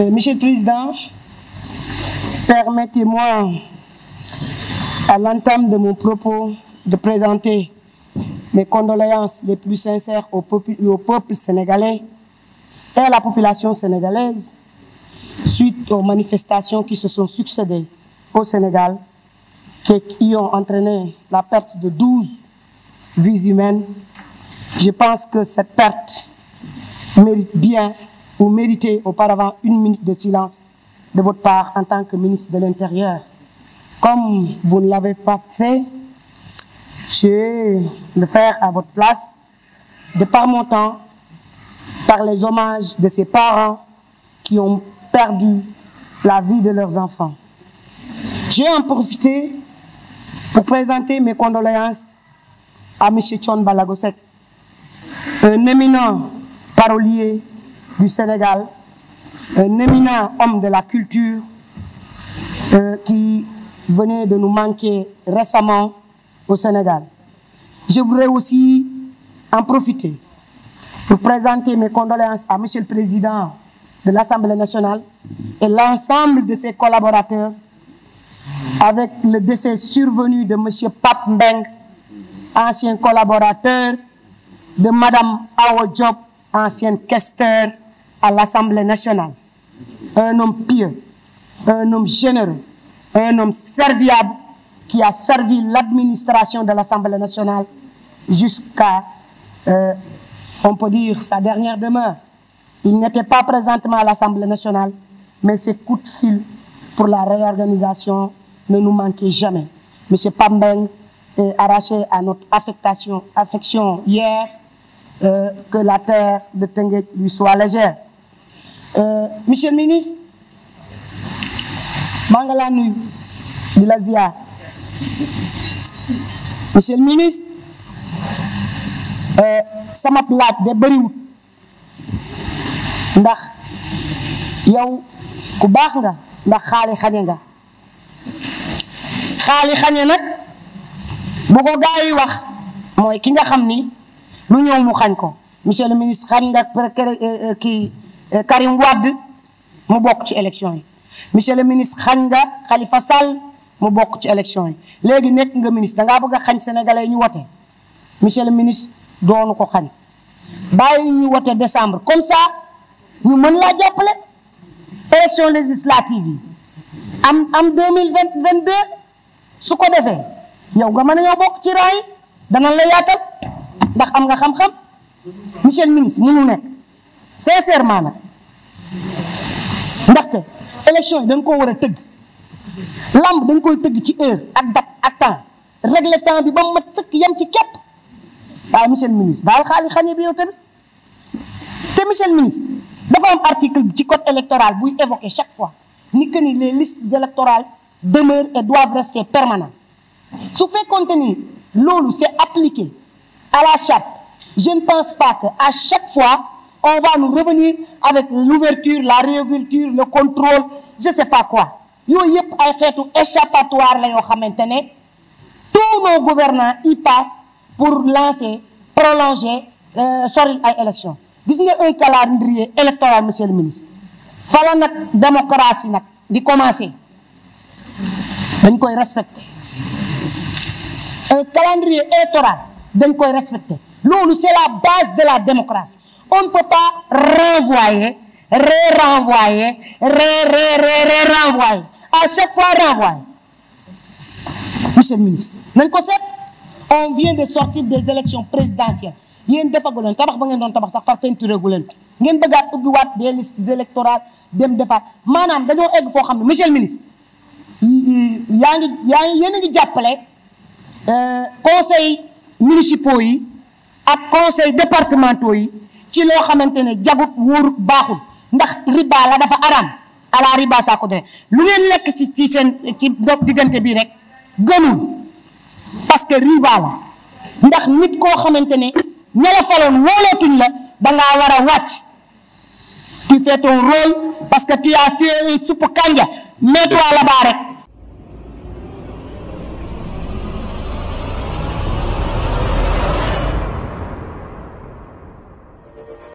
Euh, Monsieur le Président, permettez-moi, à l'entame de mon propos, de présenter mes condoléances les plus sincères au peuple, sénégalais et à la population sénégalaise suite aux manifestations qui se sont succédées au Sénégal, qui ont entraîné la perte de 12 vies humaines. Je pense que cette perte mérite bien vous méritez auparavant une minute de silence de votre part en tant que ministre de l'Intérieur. Comme vous ne l'avez pas fait, je vais le faire à votre place, de par mon temps, par les hommages de ces parents qui ont perdu la vie de leurs enfants. J'ai en profité pour présenter mes condoléances à M. Chon Balagosek, un éminent parolier du Sénégal, un éminent homme de la culture euh, qui venait de nous manquer récemment au Sénégal. Je voudrais aussi en profiter pour présenter mes condoléances à M. le Président de l'Assemblée nationale et l'ensemble de ses collaborateurs avec le décès survenu de Monsieur Pap Mbeng, ancien collaborateur, de Madame Awo Diop, ancienne questeur, à l'Assemblée nationale. Un homme pieux, un homme généreux, un homme serviable qui a servi l'administration de l'Assemblée nationale jusqu'à, euh, on peut dire, sa dernière demeure. Il n'était pas présentement à l'Assemblée nationale, mais ses coups de fil pour la réorganisation ne nous manquaient jamais. Monsieur Pambeng est arraché à notre affectation, affection hier, euh, que la terre de Tengue lui soit légère. Euh, Monsieur le ministre, Mangalanu de l'Asia. Monsieur le ministre, euh, sama plat de bariwut ndax yow ku baax nga ndax xaali xañe nga xaali xañe nag bu ko gaa yi wax mooy ki nga xam lu ñëw mu xañ ko monsieur le ministre nga euh, euh, kii Euh, Karim Wad mu bok ci élection yi monsieur le ministre xañ nga Khalifa Sall mu bok ci élection yi légui nek nga ministre da nga bëgg xagn sénégalais ñu woté monsieur le ministre doonu ko xagn bayyi ñu woté décembre comme ça ñu mën la jappalé élection législative am am 2022 su ko défé yow nga mëna ñoo bok ci rang da na la yaatal ndax am nga xam-xam monsieur le ministre mënu nek C'est nag ndaxte élection yi dañ on war a lamb dañ koy teug ci heure ak date ak temps régler temps bi ba mat sëkk yam ci kep waaye monsieur le ministre baal xaali xañe bi yow tamit te monsieur le ministre dafa am article bi ci code électoral buy évoquer chaque fois ni que ni les listes électorales demeurent et doivent rester permanentes su fait l'eau lolu c'est appliqué à la charte je ne pense pas que à chaque fois on va nous revenir avec l'ouverture, la réouverture, le contrôle, je ne sais pas quoi. y a ay xeetu échappatoire la tous nos gouvernants y passent pour lancer prolonger euh, l'élection. ay élection gis un calendrier électoral monsieur le ministre fala la démocratie commence. di commencer dañ koy respecter un calendrier électoral dañ koy respecter Nous, c'est la base de la démocratie on ne peut pas renvoyer, re-renvoyer, re-re-re-re-renvoyer. À chaque fois, renvoyer. Monsieur le ministre, le concept, on vient de sortir des élections présidentielles. Il y a une leen tabax ba ngeen doon tabax sax far peinture gu leen ngeen bëggaat ubbiwaat des listes électorales dem defaat Madame, dañoo egg foo xam ne monsieur le ministre yaa ngi yaa ngi a une, jàppale euh, conseil municipaux yi ak conseil départementaux yi ci loo xamante ne jagut wóorut baaxul ndax riba la dafa araam ala riba saa ko defee lu ngeen lekk ci ci seen ci diggante bii rek gënul parce que riba la ndax nit koo xamante ne ña la faloon wóolootuñ la da ngaa war a wàcc tu fais ton rôle parce que tu as tué un soupe kanja mets rek.